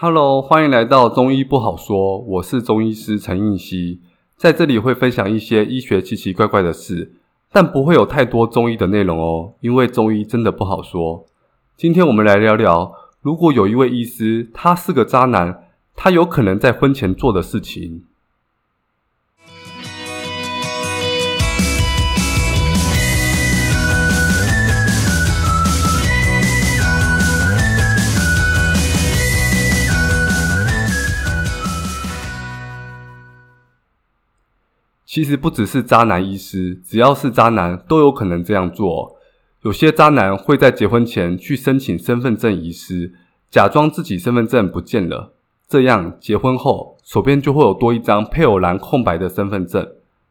Hello，歡迎來到中醫不好說。我是中醫師陳應希，在這裡會分享一些醫學奇奇怪怪的事，但不會有太多中醫的內容哦，因為中醫真的不好說。今天我們來聊聊，如果有一位醫師，他是個渣男，他有可能在婚前做的事情。其實不只是渣男醫師，只要是渣男都有可能這樣做。有些渣男會在結婚前去申請身份證遺失，假裝自己身份證不見了，這樣結婚後手邊就會有多一張配偶欄空白的身份證。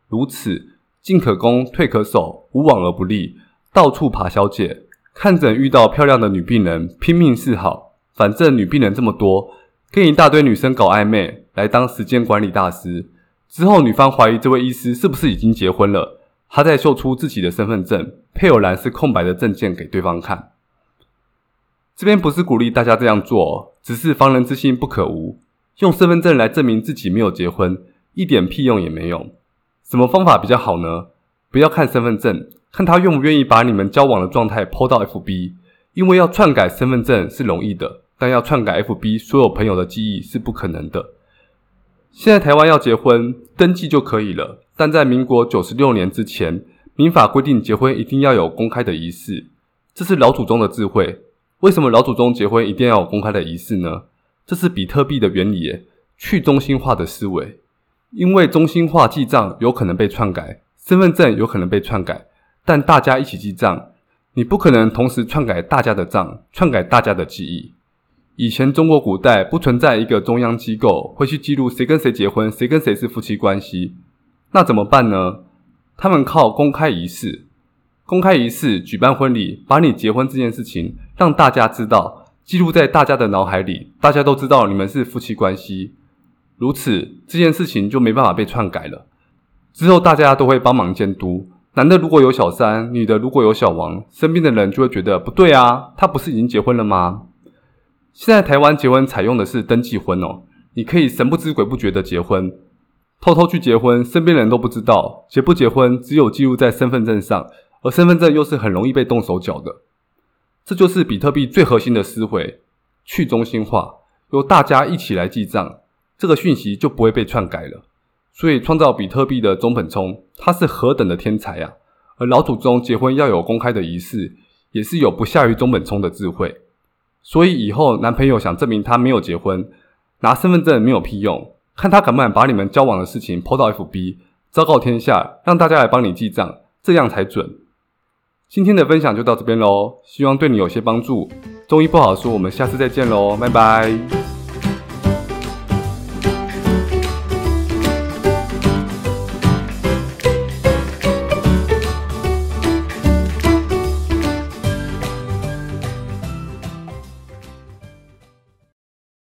如此進可攻，退可守，無往而不利。到處爬小姐，看診遇到漂亮的女病人拼命示好，反正女病人這麼多，跟一大堆女生搞曖昧，來當時間管理大師。之後，女方懷疑這位醫師是不是已經結婚了？她在秀出自己的身份證，配偶欄是空白的證件給對方看。這邊不是鼓勵大家這樣做，只是防人之心不可無。用身份證來證明自己沒有結婚，一點屁用也沒有。什麼方法比較好呢？不要看身份證，看他願不願意把你們交往的狀態 Po 到 FB。因為要篡改身份證是容易的，但要篡改 FB 所有朋友的記憶是不可能的。現在台灣要結婚，登記就可以了。但在民國九十六年之前，民法規定結婚一定要有公開的儀式。這是老祖宗的智慧。為什麼老祖宗結婚一定要有公開的儀式呢？這是比特幣的原理，去中心化的思維。因為中心化記賬有可能被篡改，身份證有可能被篡改，但大家一起記賬，你不可能同時篡改大家的賬，篡改大家的記憶。以前中國古代不存在一個中央機構會去記錄誰跟誰結婚，誰跟誰是夫妻關係，那怎麼辦呢？他們靠公開儀式，公開儀式舉辦婚禮，把你結婚這件事情讓大家知道，記錄在大家的腦海裡，大家都知道你們是夫妻關係，如此這件事情就沒辦法被篡改了。之後大家都會幫忙監督，男的如果有小三，女的如果有小王，身邊的人就會覺得不對啊，他不是已經結婚了嗎？現在台灣結婚採用的是登記婚哦，你可以神不知鬼不覺的結婚，偷偷去結婚，身邊人都不知道，結不結婚只有記錄在身份證上，而身份證又是很容易被動手腳的，這就是比特幣最核心的思維，去中心化，由大家一起來記賬，這個訊息就不會被篡改了。所以創造比特幣的中本聰，他是何等的天才啊！而老祖宗結婚要有公開的儀式，也是有不下於中本聰的智慧。所以以後男朋友想證明他沒有結婚，拿身份證沒有屁用，看他敢不敢把你們交往的事情 PO 到 FB，昭告天下，讓大家來幫你記賬，這樣才準。今天的分享就到這邊嘍，希望對你有些幫助。中醫不好說，我們下次再見嘍，拜拜。